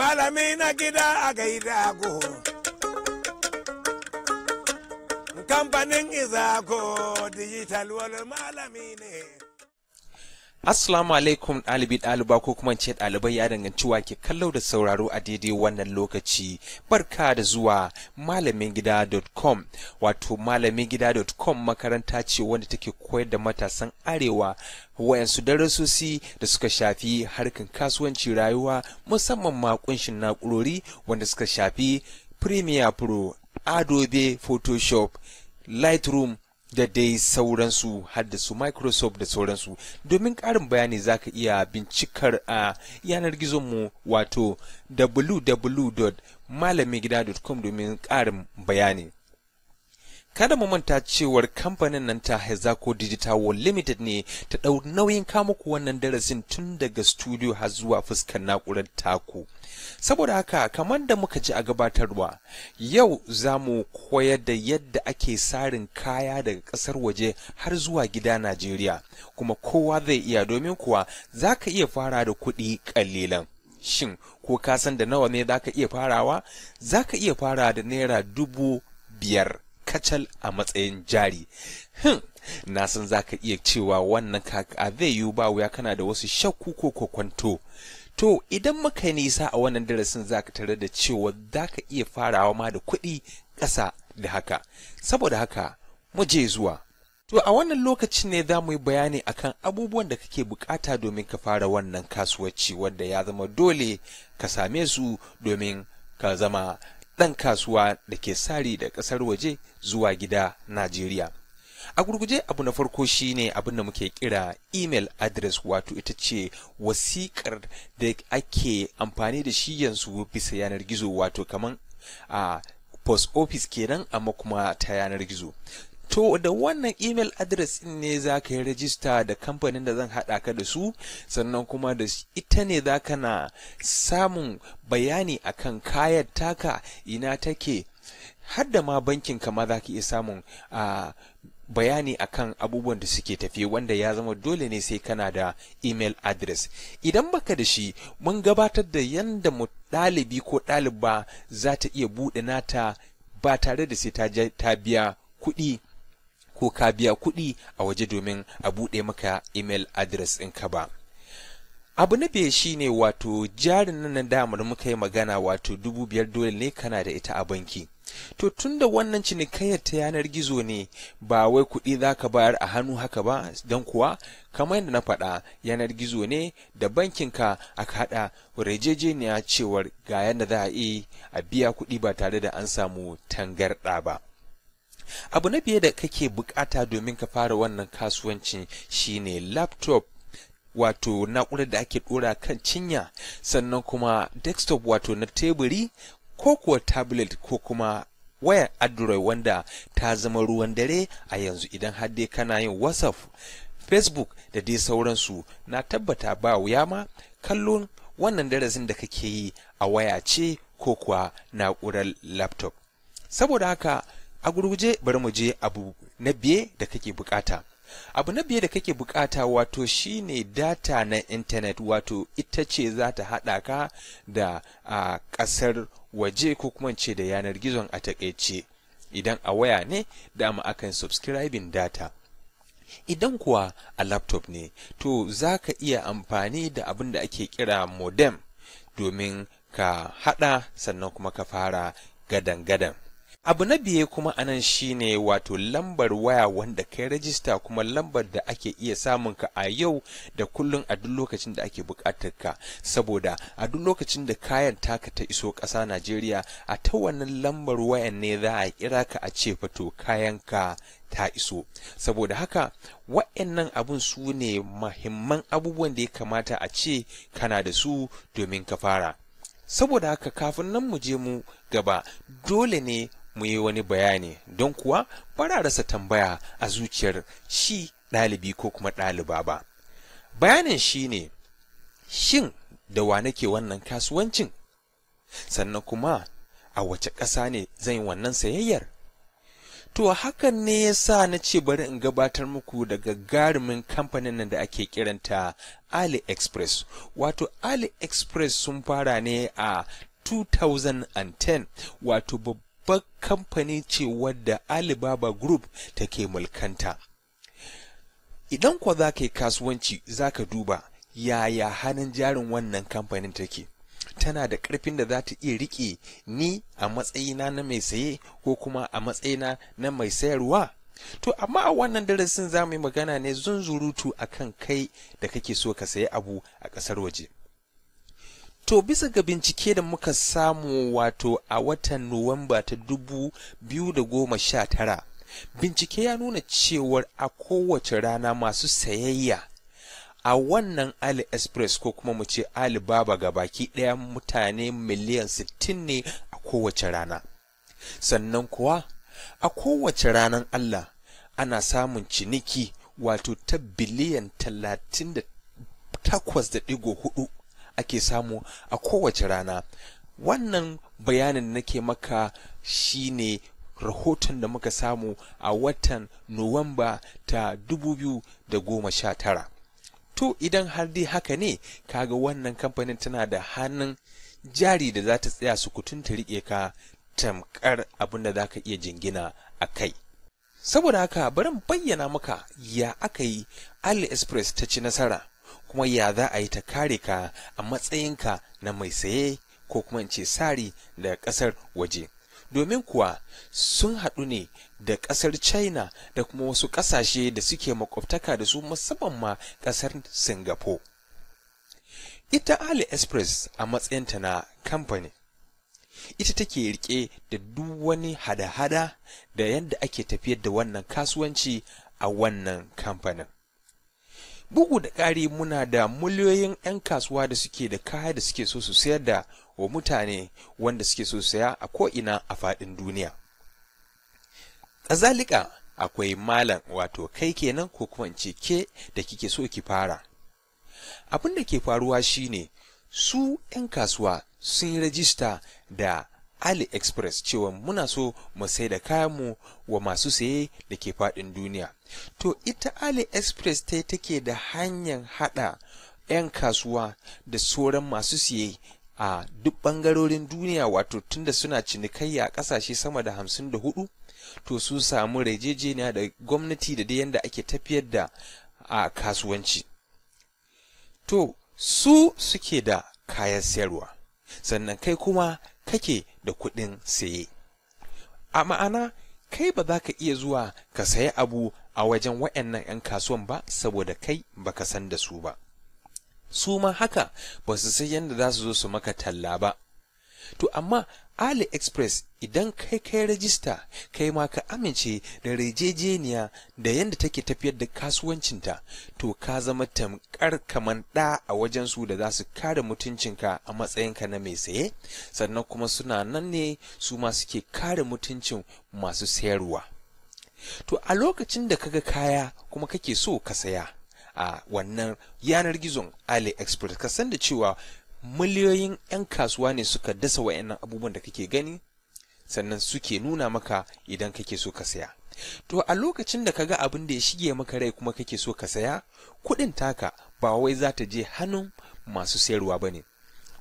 malami na gida a gaidago kamfanin izago digital wal malami ne Assalamu alaikum ɗalibi ɗaliba ko kuma ce ɗalibai ya danganci wa ke kallau da sauraro a daidai wannan lokaci barka da zuwa malamin malamingida.com wato malamin malamingida.com makaranta ce wanda take koyar da matasan arewa wayansu darasosi da suka shafi harkar kasuwanci rayuwa musamman ma kunshin na'urori wanda suka shafi Premiere Pro, Adobe Photoshop, Lightroom da dai sauransu hadda su microsoft da sauransu domin ƙarin bayani za ka iya bincikar a yanar gizonmu wato www.malamigida.com domin ƙarin bayani Kada mu manta cewar kamfanin nan ta Hezako Digital World Limited ne ta ɗau nauyin ku wannan darasin tun daga studio har zuwa fuskar na'urar taku. Saboda haka kamar da muka ji a gabatarwa, yau za mu koyar da yadda ake sarin kaya daga ƙasar waje har zuwa gida Najeriya, kuma kowa zai iya domin kuwa za ka iya fara da kuɗi ƙalilan. Shin, ko ka san da nawa ne za ka iya farawa? Za ka iya fara da naira dubu biyar. kacal a matsayin jari hmm. na san za ka iya cewa wannan kaka zai yiwu ba wuya kana da wasu shakku ko kwakwanto to idan muka yi nisa a wannan darasin za ka tare da cewa za ka iya farawa ma da kuɗi ƙasa da haka saboda haka mu je zuwa To a wannan lokacin ne za mu yi bayani akan abubuwan da kake bukata domin ka fara wannan kasuwanci wanda ya zama dole ka same su domin ka zama ɗan kasuwa da ke sari da ƙasar waje zuwa gida Najeriya. A gurguje abu na farko shine abin da muke kira email address wato ita ce wasiƙar da ake amfani da shi yanzu bisa yanar gizo wato kaman a ah, post office kenan amma kuma ta yanar gizo To da wannan email address ɗin ne za ka yi rajista da kamfanin da zan haɗa ka da su sannan kuma da ita ne za ka na samun bayani akan kayan taka ina take har da ma bankin kama za ka iya samun a bayani akan abubuwan da suke tafiye wanda ya zama dole ne sai kana da email address idan baka da shi mun gabatar da yanda mu ɗalibi ko ɗaliba za ta iya buɗe nata ba tare da sai ta biya kuɗi ko ka biya kuɗi a waje domin a buɗe maka email address ka ba. abu na biye shine wato jarin nan damar muka yi magana wato dubu biyar dole ne kana da ita a banki to tun da wannan cinikayyar ta yanar gizo ne ba wai kuɗi za ka bayar a hannu haka ba don kuwa kamar yadda na faɗa yanar gizo ne da bankinka aka haɗa rejejeniya cewar ga yadda za a yi a biya kuɗi ba tare da an samu tangarɗa ba abu na biye da kake bukata domin ka fara wannan kasuwancin shine laptop wato na'urar da ake dora kan cinya sannan kuma desktop wato na teburi ko kuwa tablet ko kuma wayar android wanda ta zama ruwan dare a yanzu idan har dai kana yin whatsapp facebook da dai sauransu na tabbata ba wuya ma kallon wannan darasin da kake yi a waya ce ko kuwa na'urar laptop saboda haka a gurguje bari mu je abu na biye da kake bukata abu na biye da kake bukata wato shine data na intanet wato ita ce za ta haɗa ka da a ƙasar waje ko kuma ce da yanar gizon a takaice idan a waya ne dama akan subscribing data idan kuwa a laptop ne to za ka iya amfani da abin da ake kira modem domin ka haɗa sannan kuma ka fara gadan-gadan abu na biye kuma a anan shine wato lambar waya wanda kai rajista kuma lambar da ake iya samun ka a yau da kullun a duk lokacin da ake buƙatar ka saboda a duk lokacin da kayan taka ta iso ƙasa Najeriya a ta wannan lambar wayan ne za a kira ka a ce fato kayan ka ta iso saboda haka wa'annan abun su ne mahimman abubuwan da ya kamata a ce kana da su domin ka fara saboda haka kafin nan mu je mu gaba dole ne mu yi wani bayani don kuwa bara rasa tambaya a zuciyar shi ɗalibi ko kuma ɗaliba ba bayanin shi ne shin da wa nake wannan kasuwancin sannan kuma a wace ƙasa ne zan yi wannan sayayyar to hakan ne ya sa na ce bari in gabatar muku da gagarumin kamfanin nan da ake kiranta aliexpress wato aliexpress sun fara ne a 2010 wato babban babbar kamfani ce wadda Alibaba Group take mulkanta. Idan kwa za ka yi kasuwanci za ka duba yaya hannun jarin wannan kamfanin take. Tana da ƙarfin da za ta iya riƙe ni a matsayina na mai saye ko kuma a matsayina na mai sayarwa. To amma a wannan darasin za mu yi magana ne zunzurutu akan kai da kake so ka sayi abu a ƙasar waje. To bisa ga bincike da muka samu wato a watan Nuwamba ta dubu biyu da goma sha tara, bincike ya nuna cewar a kowace rana masu sayayya a wannan Ali Express ko kuma mu ce Alibaba ga baki ɗaya mutane miliyan sittin ne a kowace rana. Sannan kuwa a kowace ranar Allah ana samun ciniki wato ta biliyan talatin da takwas da ɗigo hudu ake samu a kowace rana wannan bayanin nake maka shine rahoton da muka samu a watan nuwamba ta da goma sha tara. to idan har dai haka ne kaga wannan kamfanin tana da hannun jari da za ta tsaya sukutun ta riƙe ka tamkar abin da za ka iya jingina a kai saboda haka bari bayyana maka ya aka yi ali ta ci nasara kuma ya za a yi ta kare ka a matsayinka na mai saye ko kuma in ce sari daga ƙasar waje domin kuwa sun haɗu ne da ƙasar china da kuma wasu ƙasashe da suke makwabtaka da su musamman ma ƙasar singapore ita aliexpress a matsayinta na kamfani ita take rike da duk wani hada-hada da yadda ake tafiyar da wannan kasuwanci a wannan kamfanin bugu da ƙari muna da miliyoyin 'yan kasuwa da suke da kaya da suke so su sayar da wa mutane wanda suke so saya a ko'ina a faɗin duniya zalika akwai malam wato kai kenan ko kuma in ce ke da kike so ki fara abin da ke faruwa shine su 'yan kasuwa sun yi rajista da AliExpress cewa muna so mu sai da kayanmu wa masu saye da ke faɗin duniya. To ita AliExpress ta take da hanyar haɗa 'yan kasuwa da sauran masu siye a duk ɓangarorin duniya wato tunda suna cinikayya a ƙasashe sama da hamsin da hudu to su samu rejejeniya da gwamnati da dai yadda ake tafiyar da a kasuwanci. To su suke da kayan sayarwa sannan kai kuma kake da kuɗin saye a ma'ana kai ba za ka iya zuwa ka saye abu a wajen waɗannan 'yan kasuwan ba saboda kai ba ka san da su ba su ma haka ba su san yadda za su zo su maka talla ba to amma AliExpress idan kai kai rajista kai ma ka amince da rejejeniya da yadda take tafiyar da kasuwancinta to ka zama tamkar kaman ɗa a wajen su da za su kare mutuncinka a matsayinka na mai saye sannan kuma suna nan ne su ma suke kare mutuncin masu sayarwa to a lokacin da kaga kaya kuma kake so ka saya a wannan yanar gizon AliExpress ka san da cewa miliyoyin 'yan kasuwa ne suka dasa wa'annan abubuwan da kake gani sannan suke nuna maka idan kake so ka saya to a lokacin da kaga abin da ya shige maka rai kuma kake so ka saya kuɗin taka ba wai za ta je hannun masu sayarwa ba ne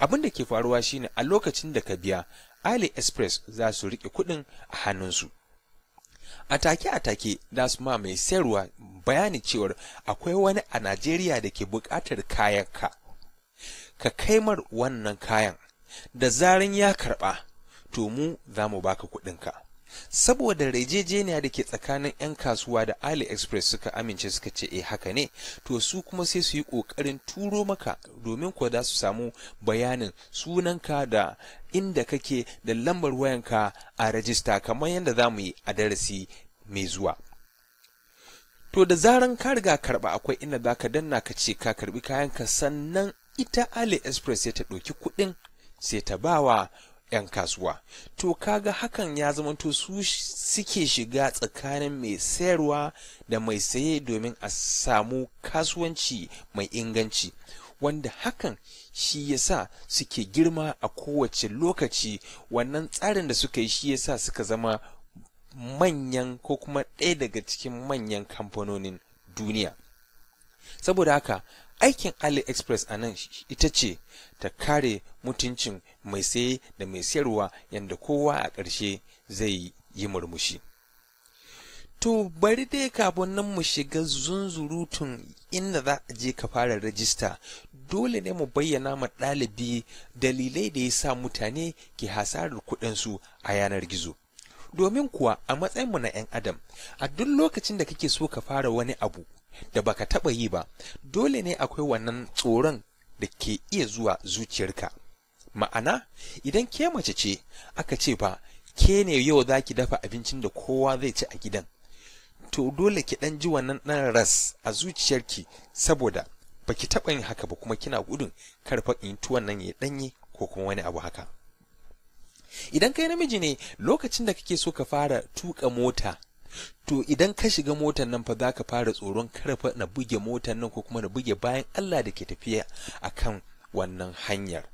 abin da ke faruwa shine a lokacin da ka biya aliexpress za su riƙe kuɗin a hannunsu a take a take za su ma mai sayarwa bayani cewar akwai wani a najeriya da ke buƙatar kayanka ka kaimar wannan kayan da zarin ya karɓa to mu za mu baka kuɗinka saboda rejejeniya da ke tsakanin 'yan kasuwa da aliexpress suka amince suka ce eh haka ne to su kuma sai su yi ƙoƙarin turo maka domin kuwa za su samu bayanin sunanka da inda kake da lambar wayanka a rajista kamar yadda za mu yi a darasi mai zuwa to da zaran ka riga karba akwai inda za ka danna ka ce ka karbi kayanka sannan ita aliexpress ya ta ɗauki kuɗin sai ta ba wa 'yan kasuwa to kaga hakan ya zama zamanto su suke shiga tsakanin mai sayarwa da mai saye domin a samu kasuwanci mai inganci wanda hakan shi ya sa suke girma a kowace lokaci wannan tsarin da suka yi shi ya sa suka zama manyan ko kuma ɗaya daga cikin manyan kamfanonin duniya saboda haka aikin aliexpress a nan ita ce ta kare mutuncin mai saye da mai sayarwa yadda kowa a ƙarshe zai yi murmushi to bari dai kafin nan mu shiga zunzurutun inda za a je ka fara rajista dole ne mu bayyana ma ɗalibi dalilai da ya sa mutane ke hasarar kuɗinsu a yanar gizo domin kuwa a matsayinmu na 'yan adam a duk lokacin da kake so ka fara wani abu da baka taɓa yi ba dole ne akwai wannan tsoron da ke iya zuwa zuciyarka ma'ana idan ke mace ce aka ce ba ke ne yau za ki dafa abincin da kowa zai ci a gidan to dole ki ɗan ji wannan ɗan ras a zuciyarki saboda baki taɓa yin haka ba kuma kina gudun karfa tuwon nan ya ɗanye ko kuma wani abu haka idan kai namiji ne lokacin da kake so ka fara tuka mota to idan ka shiga motar nan fa za ka fara tsoron karfa na buge motar nan ko kuma na buge bayan Allah da ke tafiya a kan wannan hanyar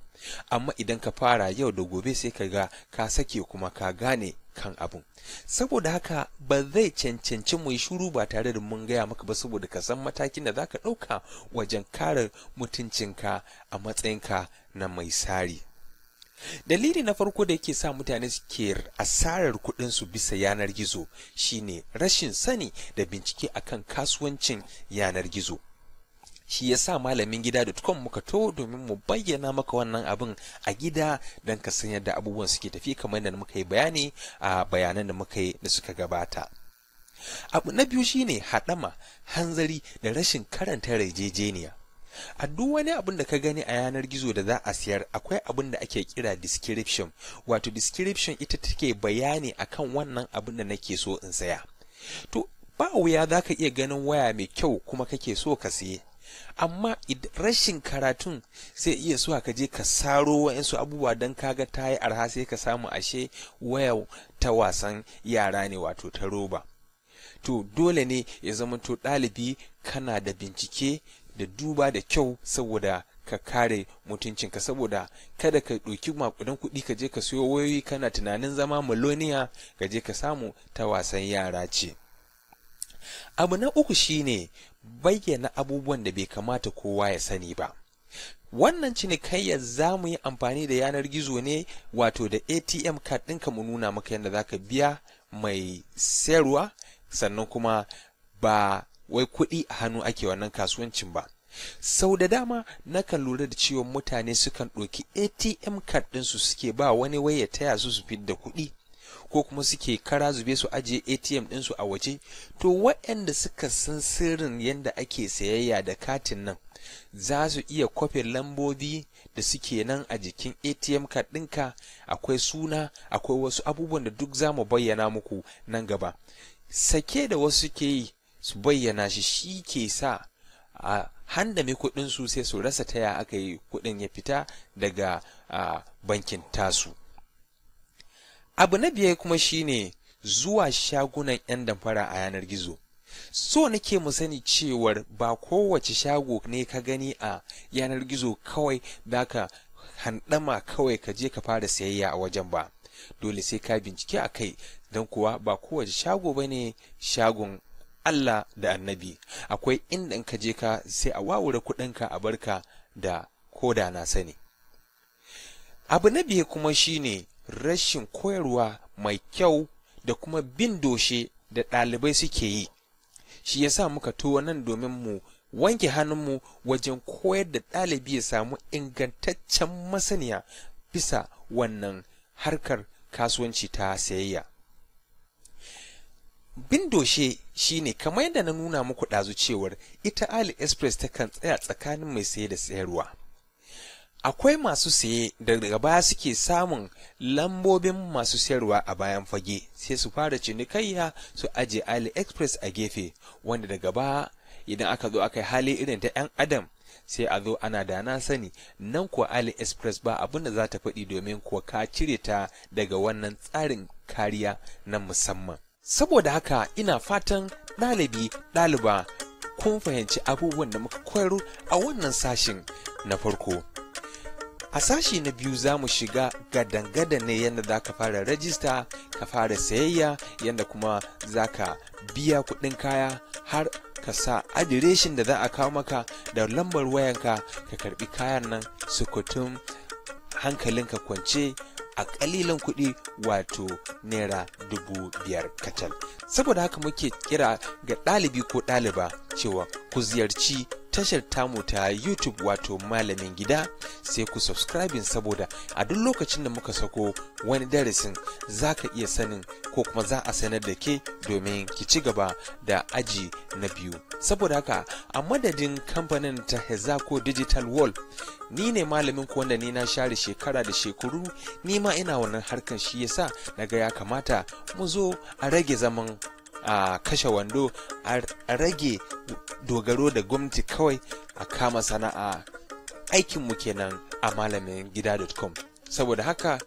amma idan ka fara yau da gobe sai ka ga ka sake kuma ka gane kan abun. saboda haka ba zai cancanci mu yi shuru ba tare da mun gaya maka ba saboda ka san matakin da za ka ɗauka wajen kare mutuncinka a matsayinka na mai sari dalili na farko da yake sa mutane suke asarar su bisa yanar gizo shine rashin sani da bincike akan kasuwancin yanar gizo shi ya sa malamin gida da gida.com muka to domin mu bayyana maka wannan abin a gida don ka san yadda abubuwan suke tafi kamar da muka yi bayani a bayanan da muka yi da suka gabata abu na biyu shine haɗama hanzari da rashin karanta yarjejeniya a duk wani abin da ka gani a yanar gizo da za a siyar akwai abin da ake kira description wato description ita take bayani akan wannan abin da nake so in saya to ba wuya za ka iya ganin waya mai kyau kuma kake so ka siye amma rashin karatun sai iya suwa ka je ka saro wa'insu abubuwa don kaga ta yi arha sai ka samu ashe waya ta wasan yara ne wato ta roba to dole ne ya zama to ɗalibi kana da bincike da duba da kyau saboda ka kare mutuncinka saboda kada ka ɗauki makudan kuɗi ka je ka siyo wayoyi kana tunanin zama maloniya ka je ka samu ta wasan yara ce abu na uku shine bayyana abubuwan da bai kamata kowa ya sani ba wannan cinikayyar za mu yi amfani da yanar gizo ne wato da atm card ɗinka mu nuna maka yadda za ka biya mai sayarwa sannan kuma ba wai kuɗi a hannu ake wannan kasuwancin ba sau da dama nakan lura da cewa mutane sukan ɗauki atm card ɗinsu suke ba wani wai ya taya su su da kuɗi ko kuma suke kara zube su ajiye atm ɗinsu a waje to waɗanda suka san sirrin yadda ake sayayya da katin nan za su iya kwafe lambobi da suke nan a jikin atm card ɗinka akwai suna akwai wasu abubuwan da duk za mu bayyana muku nan gaba sake da wasu ke yi su bayyana shi shi ke sa a handame kuɗin su sai su rasa taya aka yi kuɗin ya fita daga bankin tasu abu na biyar kuma shine zuwa shagunan 'yan damfara a yanar gizo so nake mu sani cewar ba kowace shago ne ka gani a yanar gizo kawai da ka handama kawai ka je ka fara sayayya a wajen ba dole sai ka bincike a kai don kuwa ba kowace shago ba ne shagon Allah da annabi akwai inda in ka je ka sai a wawure kudinka a barka da koda na sani abu na biye kuma shine rashin koyarwa mai kyau da kuma bin doshe da ɗalibai suke yi shi ya sa muka tuwo nan domin mu wanke hannunmu wajen koyar da ɗalibi ya samu ingantaccen masaniya bisa wannan harkar kasuwanci ta sayayya bin doshe ne kamar yadda na nuna muku ɗazu cewar ita aliexpress kan tsaya tsakanin mai saye da sayarwa akwai masu saye da daga baya suke samun lambobin masu sayarwa a bayan fage sai su fara cinikayya su aje aliexpress a gefe wanda daga baya idan aka zo aka yi hali irin ta 'yan adam sai a zo ana da na sani nan kuwa aliexpress ba abin da za ta faɗi domin kuwa ka cire ta daga wannan tsarin kariya na musamman Saboda haka ina fatan ɗalibi ɗaliba kun fahimci abubuwan da muka koyar a wannan sashin na farko. A sashi na biyu za mu shiga gadangada ne yadda za ka fara rajista, ka fara sayayya yadda kuma za ka biya kuɗin kaya har ka sa adireshin da za a kawo maka da lambar wayanka ka karbi kayan nan kutum hankalinka kwance a kalilan kuɗi wato naira dubu biyar kacal saboda haka muke kira ga ɗalibi ko ɗaliba cewa ku ziyarci tashar tamu ta YouTube wato malamin gida sai ku subscribing saboda a duk lokacin da muka sako wani darasin za ka iya sanin ko kuma za a sanar da ke domin ki ci gaba da aji na biyu. Saboda haka a madadin kamfanin ta Hezako Digital World ni ne malamin ku wanda ni na share shekara da shekaru ni ma ina wannan harkan shi yasa naga ya kamata mu zo a rage zaman a kashe wando a rage dogaro da gwamnati kawai a kama sana'a aikinmu kenan a malamin gida.com saboda haka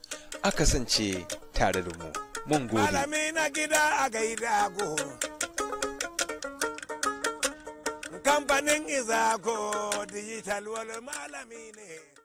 a kasance tare da mu mun gode na gida a gaida go kamfanin wal malami ne